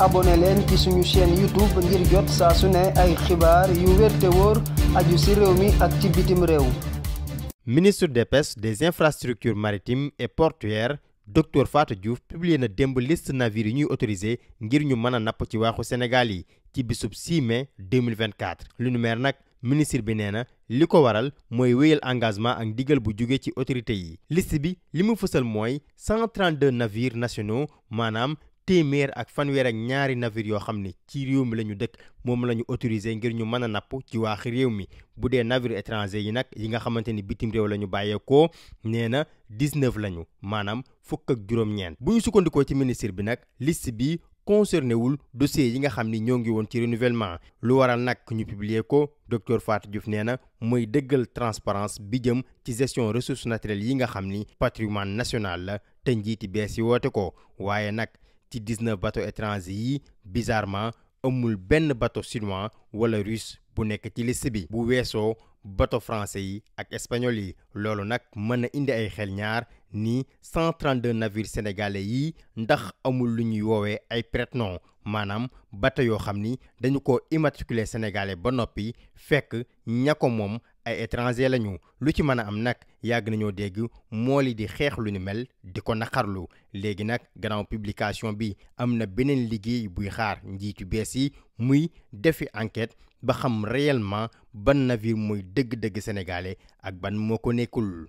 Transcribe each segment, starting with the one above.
abonné leen ci suñu chaîne YouTube ngir jot saa su ne ay xibaar yu wér wóor aju ci réew mi ak ci bitim réew. ministre de pêches des infrastructures maritimes et portuaires docteur Fatou Diouf publié na démb liste navire yi ñuy autorisé ngir ñu mën a napp ci waaxu Sénégal yi ci bisub 6 mai 2024 lu nu meer nag. ministre bi nee na li ko waral mooy wéyal engagement ak ndigal bu jóge ci autorité yi liste bi li mu fësal mooy 132 navires nationaux maanaam téeméer ak fanweer ak ñaari navire yoo xam ni ci réew mi la ñu dëkk moom la ñu autorisé ngir ñu mën a napp ci waax réew mi bu dee navire étranger yi nag yi nga xamante ni bitim réew la ñu bàyyeekoo nee na 19 la ñu maanaam fukk ak juróom-ñeent sukkandikoo ci ministre bi nag list bi concerné wul dossier yi nga xam ni ñoo ngi woon ci renouvellement lu waral nag ñu publier ko docteur Fatou Diouf nee na mooy dëggal transparence bi jëm ci gestion ressource naturelles yi nga xam ni patrimoine national la te njiiti bees yi woote ko ci 19 bateaux étrangers yi bizarrement amul benn bateau chinois wala russe bu nekk ci liste bi bu weesoo bateau français yi ak espagnol yi loolu nag mën na indi ay xel ñaar ni 132 navires sénégalais yi ndax amul lu ñuy woowee ay prête-nom maanaam bateau yoo xam ni dañu ko immatriculé sénégalais ba noppi fekk ña ko moom ay étranger lañu lu ci mën a am nag yàgg nañoo dégg mool yi di xeex lu ni mel di ko naqarlu léegi nag gannaaw publication bi am na beneen liggéey buy xaar njiitu bees yi muy defi enquête ba xam réellement ban navire mooy dëgg-dëgg sénégalais ak ban moo ko nekkul.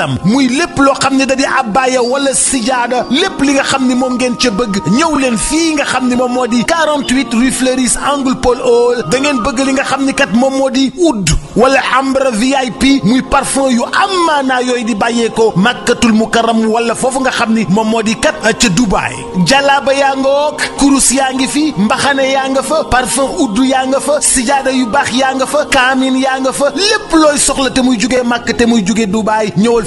itam muy lépp loo xam ne da di abbaaya wala sijaada lépp li nga xam ni moom ngeen ca bëgg ñëw leen fii nga xam ni moom moo di 48 rue Fleuris angle Paul Hall da ngeen bëgg li nga xam ni kat moom moo di oud wala ambre VIP muy parfum yu am maanaa yooyu di bàyyeekoo màkkatul mukaram wala foofu nga xam ni moom moo di kat ca Dubaay jalaaba yaa nga wook kurus yaa ngi fi mbaxane yaa nga fa parfum oud yaa nga fa sijaada yu baax yaa nga fa kaamin yaa nga fa lépp looy soxla te muy